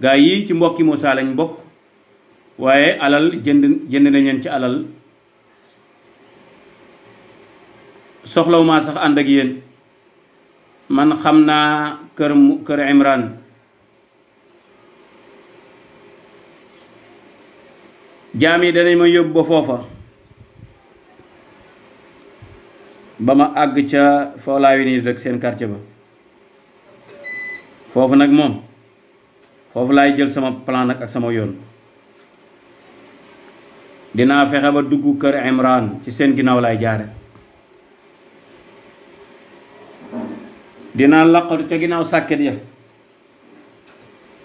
gaa yi ci mbokki Moussa lañ bokk waaye alal jënd jënd nañ leen ci alal soxlaw sax ànd ak yéen man xam naa kër kër Imran jaam yi danañ ma yóbbu ba foofa ba ma àgg ca Fawlaawi nii rek seen quartier ba foofu nag moom foofu laay jël sama plan ak sama yoon dinaa fexe ba dugg kër Imran ci seen ginnaaw laay jaare dinaa laqatu ca ginnaaw sàkket ya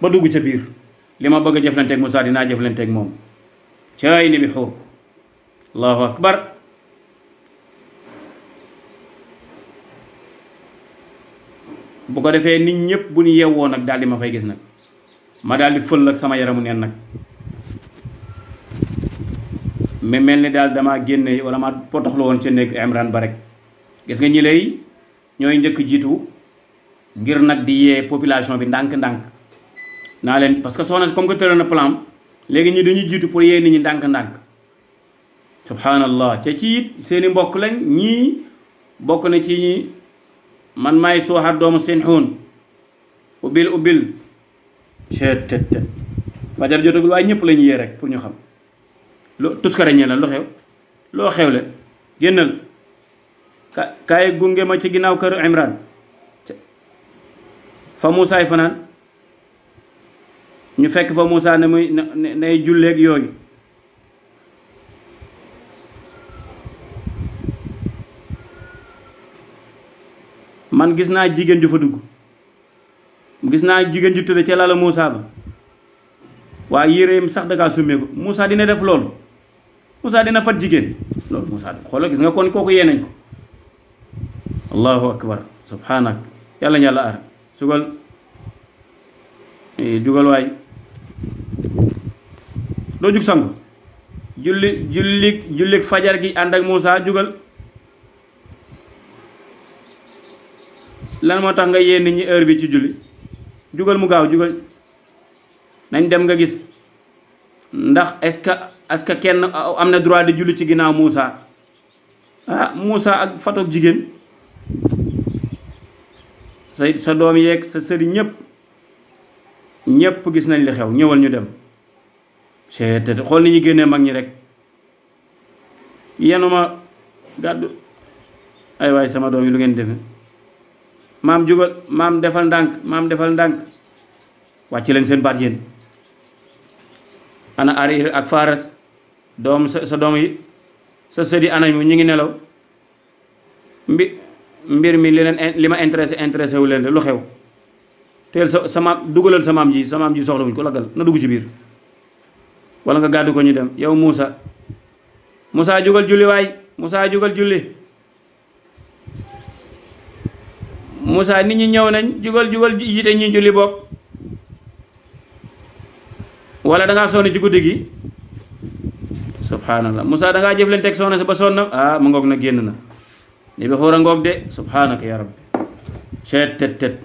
ba dugg ca biir li ma bëgg a jëflanteeg Moussa dinaa jëflanteek moom caay ni bi xuur allahu akbar bu ko defee nit ñëpp bu ñu yeewoo nag daal di ma fay gis nag ma daal di fël ak sama yaramu neen nag mais mel ni daal damaa génne wala ma potox la woon ca néeg Imran ba rek gis nga ñi lay ñooy njëkk jiitu ngir nag di yee population bi ndànk-ndànk naa leen parce que soxna comme que tëral na plan léegi ñi dañuy jiitu pour yee nit ñi ndànk-ndànk subhanallah ca ci it seeni mbokk lañ ñii bokk na ci ñi man maay sooxaat doomu seen xoon ubbil ubbil tet tet tet fajar jotagul waaye ñëpp la ñu yee rek pour ñu xam lo tuskare ñee la lu xew loo xewle génnal ka kaay gunge ma ci ginnaaw kër Imran fa Muusaay fanaan ñu fekk fa Muusaa ne muy nay julleeg yooyu man gis naa jigéen ju fa dugg gis naa jigéen ju tëdd ca lalu Moussa ba waaye yéreem sax da kaa summee ko Moussa dina def loolu Moussa dina fat jigéen loolu Moussa xoolal gis nga kon kooku yee nañ ko allahu akbar subhanak yàlla ñu yàlla ar sugal jugal eh, waay doo julli fajar gi ànd ak Moussa jugal lan moo tax nga yee nit ñi heure bi ci julli jugal mu gaaw jugal nañ dem nga gis ndax est-ce que est kenn am na droit di julli ci ginnaaw muusa ah Moussa ak fatoog jigéen sa sa doom yeeg sa sëriñ ñëpp ñëpp gis nañ li xew ñëwal ñu dem seet xool ni ñu génnee mag ñi rek yenuma gàddu ay waaye sama doom yi lu ngeen defe maam jugal maam defal ndànk maam defal ndànk wàcc leen seen baat yéen ana Ariir ak Faaras doom sa sa doom yi sa sëdi anañu ñu ngi nelaw mbi mbir mi li leen li ma intéressé intéressé wu leen de lu xew teel sa sa maam dugalal sa maam ji sa maam ji soxlawuñ ko laggal na dugg ci biir wala nga gàddu ko ñu dem yow Moussa Moussa jugal julli waay Moussa jugal julli musaa nit ñi ñëw nañ jugal jugal jiite ñi julli bokk wala dangaa sonn ci guddi gi subhanallah Moussa dangaa jëflante ak soxna si ba sonn ah mu ngoog na génn na li bi xóor a ngoog de subhanaka ya rabbi tet tet tet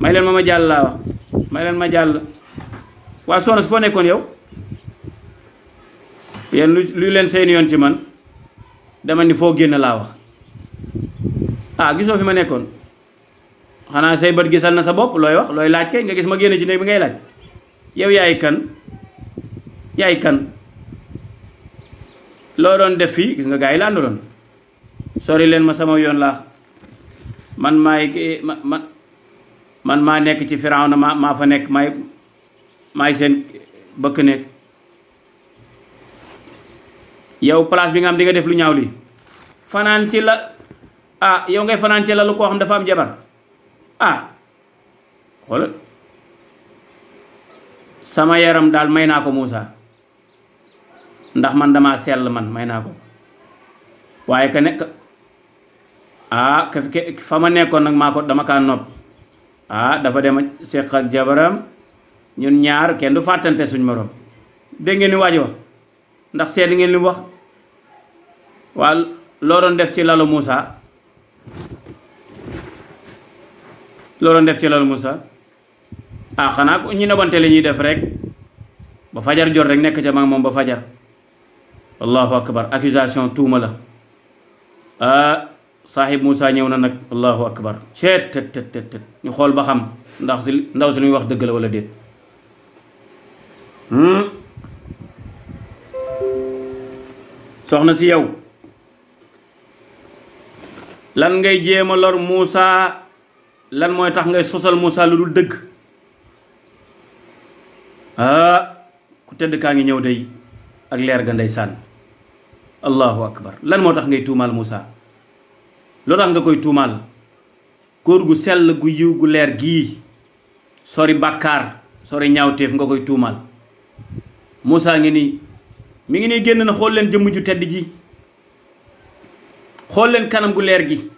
may leen ma ma jàll laa wax may leen ma jàll waa soxna si foo nekkoon yow yéen lu lu leen seen yoon ci man demal ni foo génn laa wax ah gisoo fi ma nekkoon xanaa say bët gisal na sa bopp looy wax looy laaj kay nga gis ma génn ci néeg bi ngay laaj yow yaay kan yaay kan loo doon def fii gis nga gaa yi la ànduloon sori leen ma sama yoon laa man maay man maa nekk ci Firawna maa maa fa nekk maay maay seen bëkk nekk yow place bi nga am di nga def lu ñaaw lii fanaan ci la ah yow ngay fanaan ci la lu koo xam dafa am jabar ah xoolal sama yaram daal may naa ko muusa ndax man damaa sell man may naa ko waaye ka nekk ah ka fa ma nekkoon nag maa ko dama kaa nopp ah dafa dem seq ak jabaram ñun ñaar kenn du fàttante suñ morom dégg ngeen ni waaj wax ndax seet ngeen li wax waa loo doon def ci lalu Moussa looloon def ci lal Moussa ah xanaa ñu nobante li ñuy def rek ba fajar jot rek nekk ca mag moom ba fajar allahu akbar accusation tuuma la ah saaxib Moussa ñëw na nag allahu akbar ceet tët tët ñu xool ba xam ndax si ndaw si lu wax dëgg la wala déet hmm? soxna si yow lan ngay jéema lor Moussa lan mooy tax ngay sosal Moussa lu dul dëgg ah ku tedd kaa ngi ñëw day ak leer ga ndeysaan allahu akbar lan moo tax ngay tuumaal Moussa loo tax nga koy tuumaal kóor gu sell gu yiw gu leer gii sori bàkkaar sori ñaawteef nga koy tuumaal Moussa ngi nii mu ngi ne génn na xool leen jëmm ju tedd ji xool leen kanam gu leer gi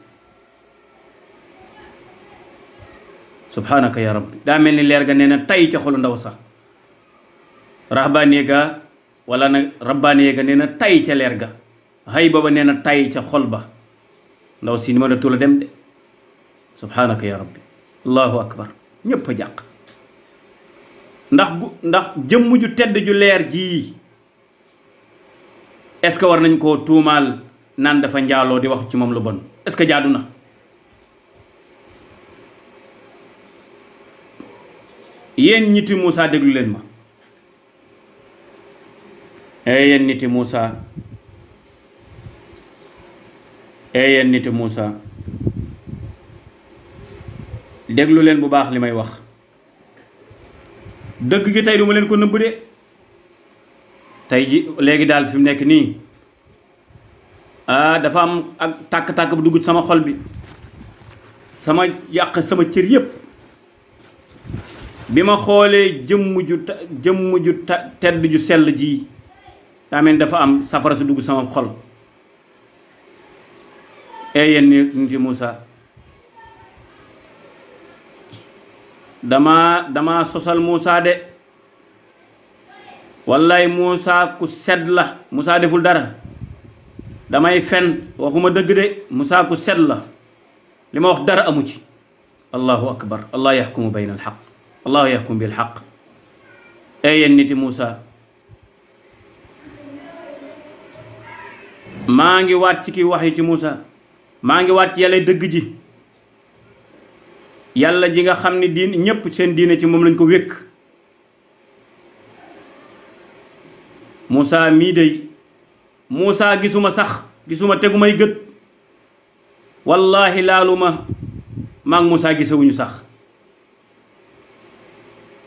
subhanaka ya rabbi daa mel ni leer ga nee na tay ca xolu ndaw sax rahbaaniye ga wala nag rabbaaniye ga nee na tay ca leer ga hay booba nee na tay ca xol ba ndaw si ni ma tula dem de subhanaka ya rabbi allahu akbar ñépp jàq ndax gu ndax jëmm ju tedd ju leer jii est-ce que war nañ koo tuumaal naan dafa njaaloo di wax ci moom lu bon est-ce que jaadu na yéen ñiti Moussa déglu leen ma ee eh, yéen niti Moussa ee eh, yéen niti Moussa déglu leen bu baax li may wax dëgg gi tey duma leen ko nëbb de tey ji léegi daal fim nekk nii ah dafa am ak tàkk-tàkk bu dugg sama xol bi sama yàq sama cër yépp bi ma xoolee jëmm ju jëmm ju tedd ju sell ji daa mel dafa am safara su dugg sama xol ee eh, yéen ni ci Moussa dama damaa sosal Moussa de wallaay Moussa ku sedd la Moussa deful dara damay fen waxuma dëgg de Moussa ku sedd la li ma wax dara amu ci allahu akbar allah yaxkumu bayna alxaq allahu yaxkum bil xaq ee yéen niti Muusa maa ngi waat ci ki wax yi ci Muusa maa ngi waat ci yàlla dëgg ji yàlla ji nga xam ni diin ñépp seen diine ci moom lañ ko wékk Muusa mii dey Muusa gisuma sax gisuma tegumay gët wallaahi laaluma maa ngi Muusa gisewuñu sax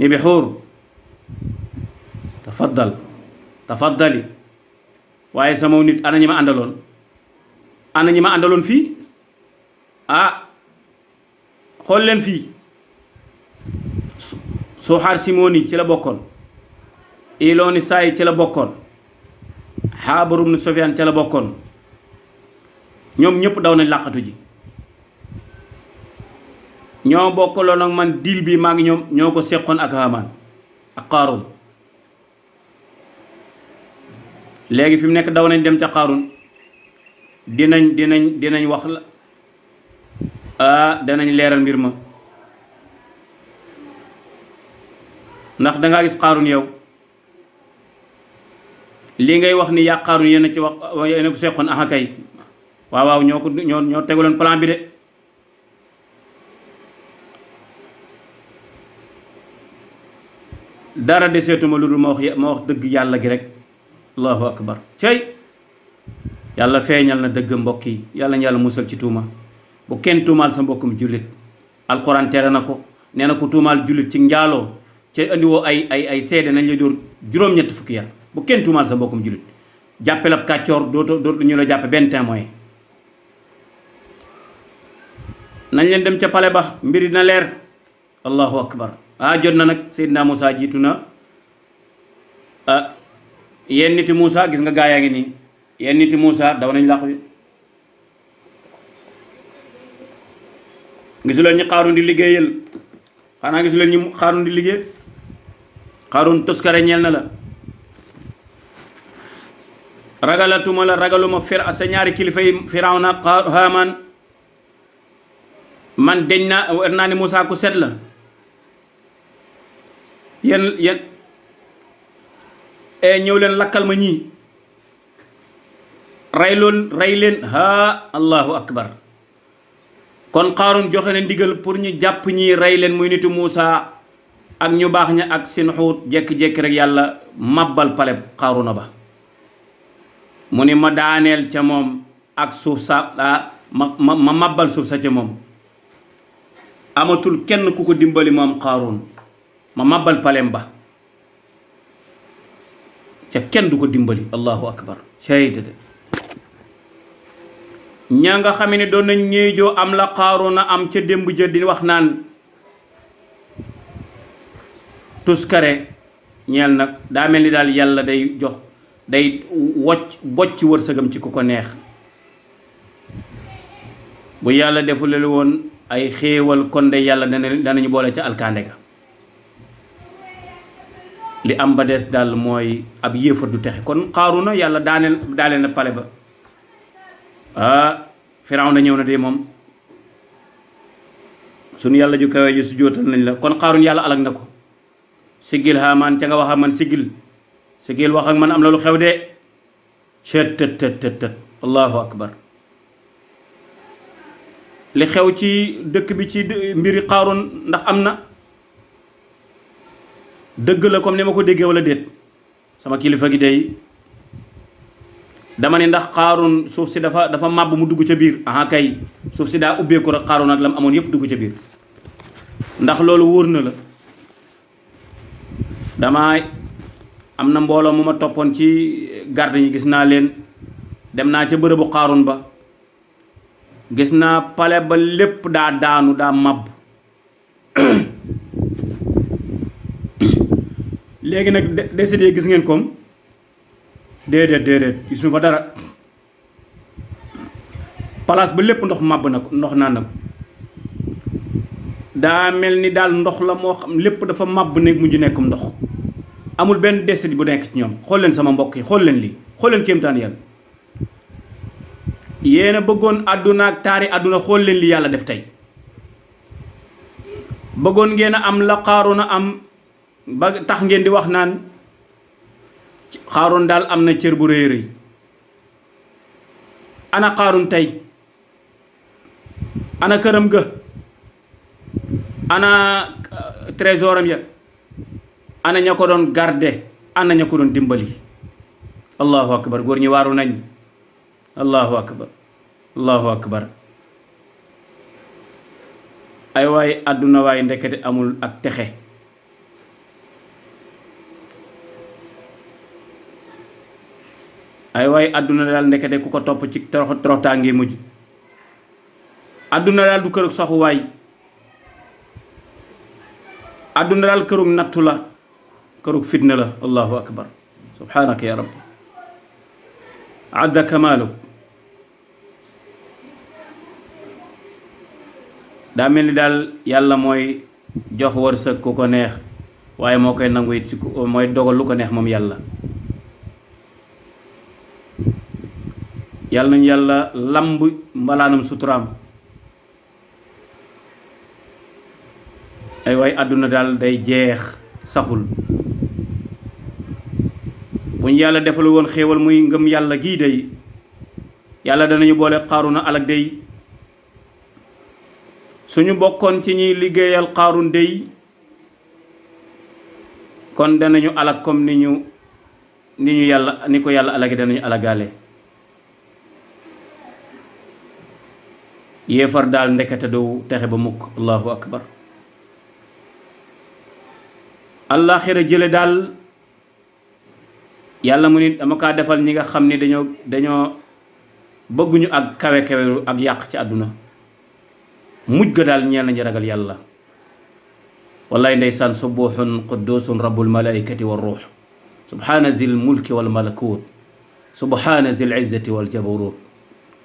يبقى حور tafaddal tafaddali waaye sama nit ana ñi ma àndaloon ana ñi ma àndaloon fii ah xool leen fii Soxaar Simoni ci la bokkoon Ilooni Saay ci la bokkoon Xaabarum nu Sofyaan ci la bokkoon ñoom ñëpp daw nañ làqatu ji ñoo bokkaloon ak man diil bi maa ngi ñoom ñoo ko seqoon ak Haamaan ak Qaaruun léegi fi mu nekk daw nañ dem ca Qaaruun dinañ dinañ dinañ wax la ah, danañ leeral mbir ma ndax danga gis Qaaruun yow lii ngay wax ni yaa Qaaruun yéen a ci wax yéen a ko seqoon ah kay waaw waaw ñoo ko ñoo ñoo tegaloon plan bi de. dara deseetuma lu dul ma wax ma wax dëgg yàlla gi rek allahu akbar cey yàlla feeñal na dëgg mbokk yi yàlla ñu yàlla musal ci tuuma bu kenn tuumaal sa mbokkum jullit alxuraan tere na ko nee na ko tuumaal jullit ci njaaloo ci andiwoo ay ay ay seede nañ la dóor juróom bu kenn sa mbokkum jullit jàppel ab kàccoor dootoo dootu ñu la jàppe benn témoin nañ leen dem ca pale ba mbir na leer allahu akbar ah jot na nag na musa jiitu na ah, yenn nit Moussa gis nga gaa yaa ngi nii yenn niti Moussa daw nañ làqu gisuleen ñi xaarun di liggéeyal xanaa gisuleen ñi xaarun liggéey xaarun toskare ñeel na la ragalatuma la ragaluma fir sa ñaari kilifa yi Firawna Haamaan man deñ naa war naa ni Moussa ku set la yéen yéen e ñëw leen lakkal ma ñii rey lool rey leen haa allahu akbar kon xaarun joxe na ndigal pour ñu jàpp ñii rey leen muy nitu Muusa ak ñu baax ña ak seen xuut jekki-jekki rek yàlla mabbal paleb xaaruna ba mu ni ma daaneel ca moom ak suuf sa ah, ma ma ma suuf sa ca moom amatul kenn ku ko dimbali moom xaarun ma màbbal palem ba ca kenn du ko dimbali allahu akbar shahida nga xam ne doon nañ ñéejoo am la xaaroona am ca démb ja di wax naan tuskare ñeel nag daa mel ni daal yàlla day jox day wocc bocc wërsëgam ci ku ko neex bu yàlla defulelu woon ay xéewal kon de yàlla dana ñu boole ca alkande ga li am ba des daal mooy ab yéefar du texe kon xaaru na yàlla daaneel daaneel na pale ba ah Firawna ñëw na de moom sunu yàlla ju kawe ji su jootal nañ la kon Qaarun yàlla alag na ko siggil Haamaan ca nga wax man siggil siggil wax ak man am na lu xew de cët tët allahu akbar li xew ci dëkk bi ci mbiri Qaarun ndax am na dëgg la comme ni ma ko déggee walla déet sama kilifa gi day dama ne ndax xaaroon suuf si dafa dafa màbb mu dugg ca biir aha kay suuf si daa ubbeeku rek xaaroon ak lam amoon yépp dugg ca biir ndax loolu wóor na la dama am na mbooloo mu ma toppoon ci garde yi gis naa leen dem naa ca bërëbu xaaroon ba gis naa pale ba lépp daa daanu daa màbb léegi nag décédé gis ngeen koom déedéet déedéet gisuñu fa dara place ba lépp ndox màbb na ko ndox naan na ko daa mel ni daal ndox la moo xam lépp dafa màbb ne ju nekkum ndox amul benn décédé bu nekk ci ñoom xool leen sama mbokk yi xool leen lii xool leen kéemtaan yàlla yéen bëggoon àdduna taari àdduna xool leen li yàlla def tey bëggoon ngeen am laqaaru na am ba tax ngeen di wax naan xaaroon daal am na cër bu rëy rëy ana xaaroon tey ana këram ga ana uh, trésoram ya ana ña ko doon garde ana ña ko doon dimbali allahu akbar góor ñi waaru nañ allahu akbar allahu akbar ay waaye àdduna waaye ndekete amul ak texe ay waay àdduna daal ndekete ku ko topp ci torox toroxtaa ngi mujj àdduna daal du kërug soxuwaay àdduna daal kërug nattu la kërug fitna la allahu akbar subhanaka ya rabbi adda kamaaluk daa mel ni daal yàlla mooy jox wërsëg ku ko neex waaye moo koy nangu it ci mooy dogal lu ko neex moom yàlla yàlla nañu yàlla lamb mbalaanam suturaam ay waay àdduna daal day jeex saxul bu ñu yàlla defalu woon xéewal muy ngëm yàlla gii day yàlla danañu boole xaaruna alak day suñu bokkoon ci ñuy liggéeyal xaarun day kon danañu alak comme ni ñu ni ñu yàlla ni ko yàlla alagi danañu alagaale yéefar daal ndekete du texe ba mukk allahu akbar allaaxira jële daal yàlla mu ni dama kaa defal ñi nga xam ni dañoo dañoo bëgguñu ak kawe kaweru ak yàq ci àdduna mujj ga daal ñeel nañu ragal yàlla wallaay ndeysaan subuuxun qudduusun rabbul malaaikati wa ruux subhaana zil mulki wal malakut subhaana zil izzati wal jabarut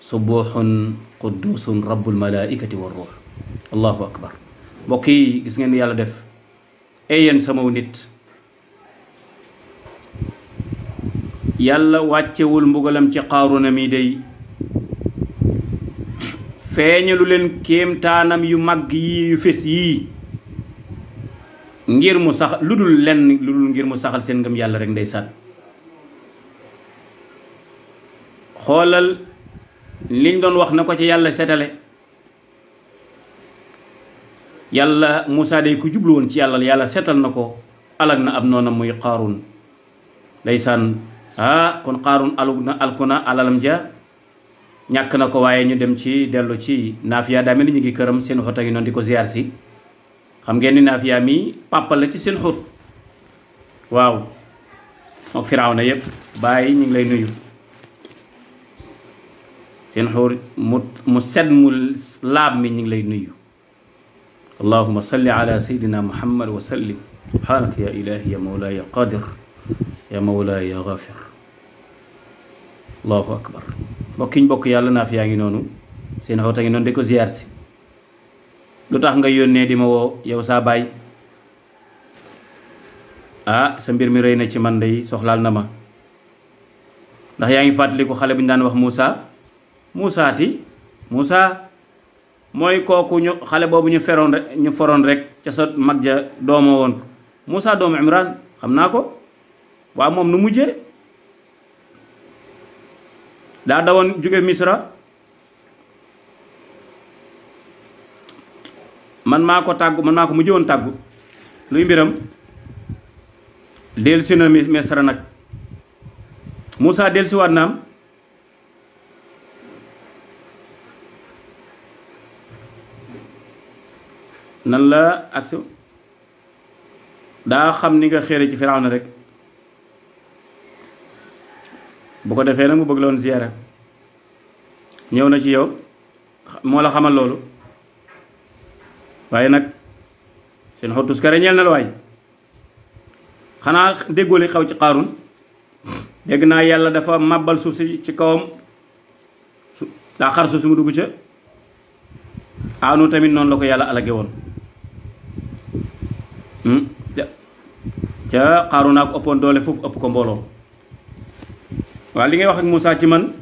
subuhun quddusun rabbul malaikati wa ruux allahu akbar mbokk yi gis ngeen yàlla def ay samaw nit yàlla wàccewul mbugalam ci xaaruna mi day feeñalu leen kéemtaanam yu mag yii yu fés yii ngir mu sax lu dul lenn lu dul ngir mu saxal seen ngëm yàlla rek ndeysaan xoolal liñ doon wax na ko ci yàlla setale yàlla Moussa de ku jublu woon ci yàlla yàlla seetal na ko alag na ab noonam muy xaarun ndeysaan ah kon xaarun alug na alkuna alalam ja ñàkk na ko waaye ñu dem ci dellu ci naafiya daa mel ñu ngi këram seen xot a ngi noonu di ko ziar xam ngeen ni naafiya mi pàppal la ci seen xut waaw mook firaaw na yëpp bàyyi ñu ngi lay nuyu seen xuur mu mu set mu laab mi ñu ngi lay nuyu allahuma salli ala sayidina muhammad wa sallim subhanaka ya ilahi ya mawlaaya ya qadir ya mawlaaya ya gafir allahu akbar mbokkiñ bokk yàlla naa fi yaa ngi noonu seen xóot a ngi noonu di ko ziyaar si lu tax nga yónnee di ma woo yow saa baay ah sa mbir mi rey na ci man day soxlaal na ma ndax yaa ngi fàttaliku xale bu ñu daan wax Moussa muusaati muusa mooy kooku ñu xale boobu ñu feroon rek ñu foroon rek ca sa mag ja doomo woon ko muusa doomu imran xam naa ko waa moom nu mujjee daa dawoon jóge misra man maa ko tàggu man maa ko mujjee woon tàggu luy mbiram dellusi na misra nag muusa dellusiwaat naam nan la agsi daa xam ni nga xére ci Firawna rek bu ko defee nag mu bëgg loon ziyaara ñëw na ci yow moo la xamal loolu waaye nag seen xottus kare ñeel na la waay xanaa déggoo li xaw ci Xaarun dégg naa yàlla dafa màbbal suuf si ci kawam su daa xar suuf si mu dugg ca aanu tamit noonu la ko yàlla alage woon ca xaaru naa ko ëppoon doole foofu ëpp ko mbooloo waaw li ngay wax ak Moussa ci man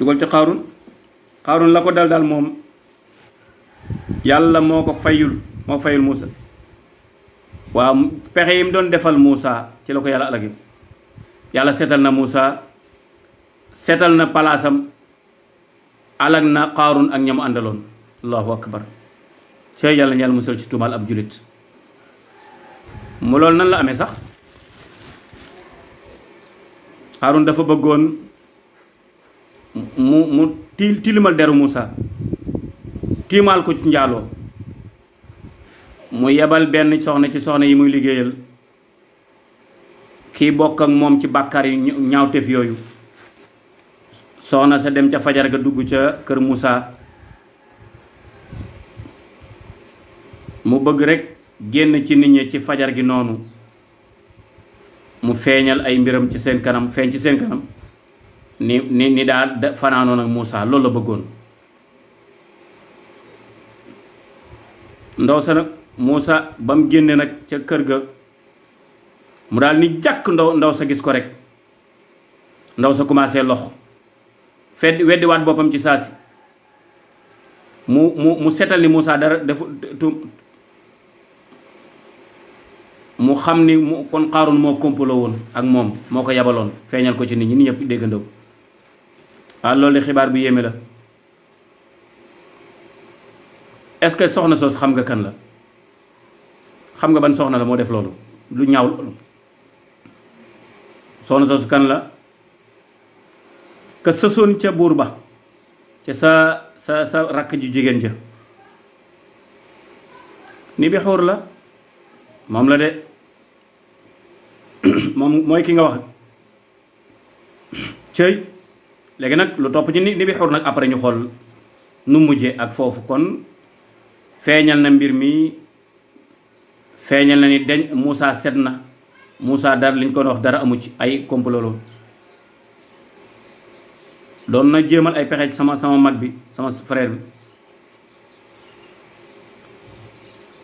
dugal ci xaarun xaarun la ko dal daal moom yàlla moo ko fayul moo fayul Moussa waaw pexe yi mu doon defal Moussa ci la ko yàlla alagim yàlla seetal na Moussa seetal na palaasam alag na xaarun ak ñamu àndaloon allahu akbar sey yàlla ñal musal ci tuumaal ab julit mu loolu nan la ame sax Haarun dafa bëggoon mu mu til tilimal deru Moussa tiimaal ko ci njaaloo mu yebal benn soxna ci soxna yi muy liggéeyal kii bokk ak moom ci bàkkaar yi ñaawteef yooyu soxna sa dem ca fajar ga dugg ca kër muusa mu bëgg rek génn ci nit ñi ci fajar gi noonu mu feeñal ay mbiram ci seen kanam feeñ ci seen kanam ni ni ni daal fanaanoon ak Moussa loolu la bëggoon ndaw sa muusa Moussa ba mu génne nag ca kër ga mu daal ni jàkk ndaw ndaw sa gis ko rek ndaw sa commencé lox fedd weddiwaat boppam ci saa si mu mu mu seetal ni Moussa dara defu mu xam ni mu kon xaarun moo kompaloo woon ak moom moo ko yabaloon feeñal ko ci nit ñi nit ñëpp déggandoo waaw ah, loolu de xibaar bu yéeme la est-ce que soxna soos xam nga kan la xam nga ban soxna la moo def loolu lu ñaaw soxna soos kan la ka sësoon ca buur ba ca sa sa sa rakk ju jigéen ja ni bi xuur la moom la de moom mooy ki nga wax cëy léegi nag lu topp ci ni ni bi xur nag après ñu xool nu mujje ak foofu kon feeñal na mbir mi feeñal na ni deñ Moussa set na Moussa dara liñ ko wax dara amu ci ay complot loolu doon na jéemal ay pexe sama sama mag bi sama frère bi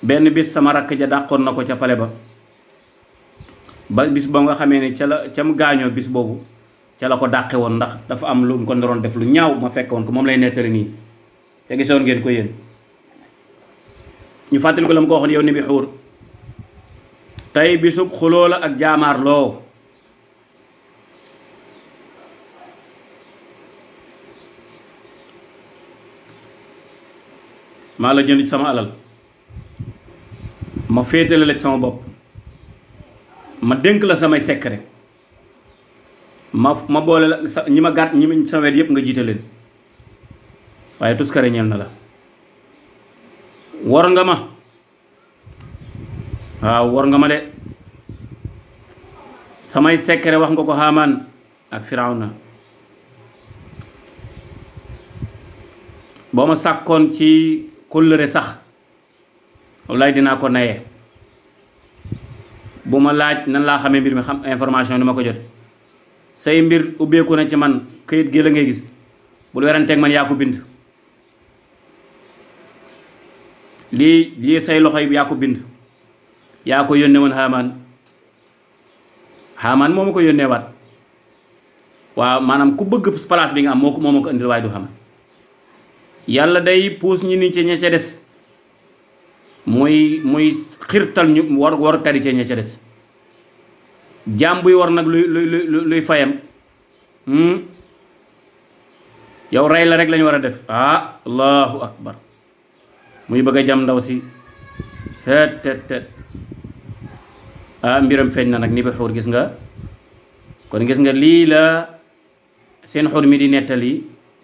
benn bis sama rakk ja dàqoon na ko ca pale ba ba bis ba nga xamee ne ca la ca mu gaañoo bis boobu ca la ko dàqe woon ndax dafa am lu mu ko naroon def lu ñaaw ma fekkoon ko moom lay nettali nii te gisoon ngeen ko yéen ñu fàttali ko la ko waxoon yow bi xuur tey bisub xuloo la ak jaamaar loo maa la jënd sama alal ma féetale la sama bopp ma dénk la samay secret ma ma boole la sa ñi ma gàtt ñi ma sa wet yëpp nga jiite leen waaye tuskare ñeel na la war nga ma waaw war nga ma de samay secret wax nga ko Haamaan ak Firawna boo ma sàkkoon ci kóllëre sax wallaay dinaa ko naye bu ma laaj nan laa xamee mbir mi xam information ni ma ko jot say mbir ubbeeku na ci man këyit gi la ngay gis bul weranteeg man yaa ko bind lii lii say loxo yi yaa ko bind yaa ko yónnee woon xaamaan xaamaan moo ma ko yónnee waat waaw maanaam ku bëgg place bi nga am moo ko moo ma ko du xam yàlla day puus ñu ni ci des mooy mooy xirtal ñu war war karité ña ca des jaam buy war nag luy luy fayam hmm? yow rey la rek lañu war a def ah allahu akbar muy bëgg a jam ndaw si seet tet tet ah mbiram feeñ na nag ni ba gis nga kon gis nga lii la seen xur mi di nettali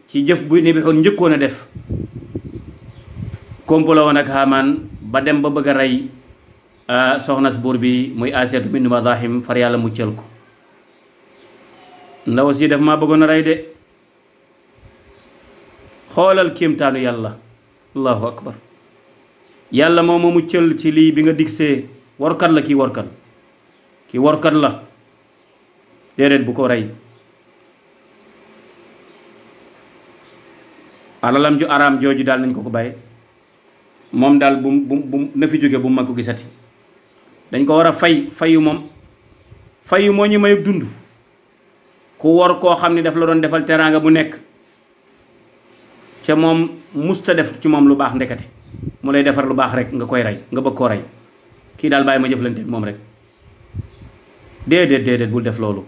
ci jëf bu ni bi njëkkoon a def komplo woon ak xaamaan ba dem ba bëgg a rey euh, soxnas buur bi muy Asiyatu bintu Mazaahim far yàlla muccal ko ndaw si daf ma bëggoon a rey de xoolal kéemtaanu yàlla allahu akbar yàlla moo ma cël ci lii bi nga digsee warkat la kii warkat kii warkat la déedéet bu ko rey alalam ju araam jooju daal nañ ko ko bàyyi moom daal bu bu bu na fi jóge bu ma ko gisati dañ ko war a fay fayu moom fayu moo ñu mayub dund ku wor koo xam ni daf la doon defal teraanga bu nekk ca moom musta def ci moom lu baax ndekete mu lay defar lu baax rek nga koy rey nga bëgg koo rey kii daal bàyyi ma jëflanteeg moom rek déedéet déedéet bul def loolu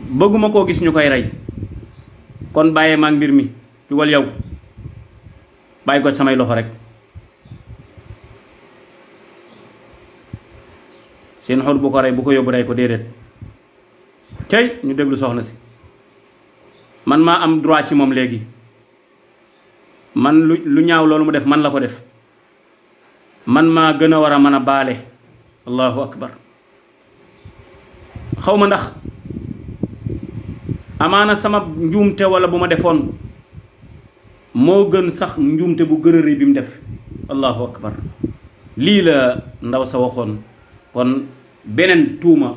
bëgguma koo gis ñu koy rey kon bàyyee maag mbir mi jugal yow bàyyi ko samay loxo rek seen xol bu ko rey bu ko yóbbu rey ko déedéet tey ñu déglu soxna si man maa am droit ci moom léegi man lu lu ñaaw loolu mu def man la ko def man maa gën a war a mën a baale allahu akbar xaw ma ndax amaana sama njuumte wala bu ma defoon moo gën sax njuumte bu gën a rëy bi mu def allahu akbar lii la ndaw sa waxoon kon beneen tuuma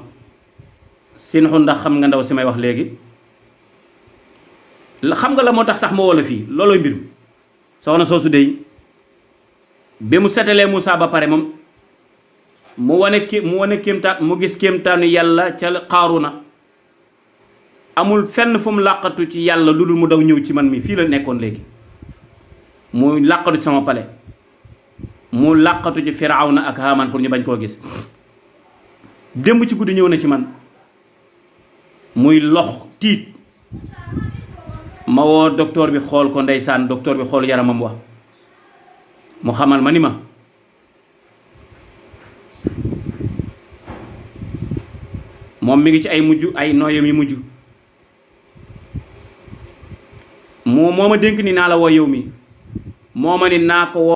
sinxu ndax xam nga ndaw si may wax léegi xam nga la moo tax sax ma wala fii loolooy mbir soxna soosu dey bi mu setalee Moussa ba pare moom mu wane ké mu wane kéemtaan mu gis kéemtaanu yàlla ca Xaaruna amul fenn fu mu làqatu ci yàlla lu dul mu daw ñëw ci man mi fii la nekkoon léegi mu làqatu ci sama pale mu làqatu ci firawna ak haaman pour ñu bañ koo gis démb ci guddi ñëw na ci man muy lox tiit ma woo docteur bi xool ko ndeysaan docteur bi xool yaramam wa mu xamal ma ni ma moom mi ngi ci ay mujj ay nooyam yi mujj mu moo ma dénk ni naa la woo yow mi moo ma ni naa ko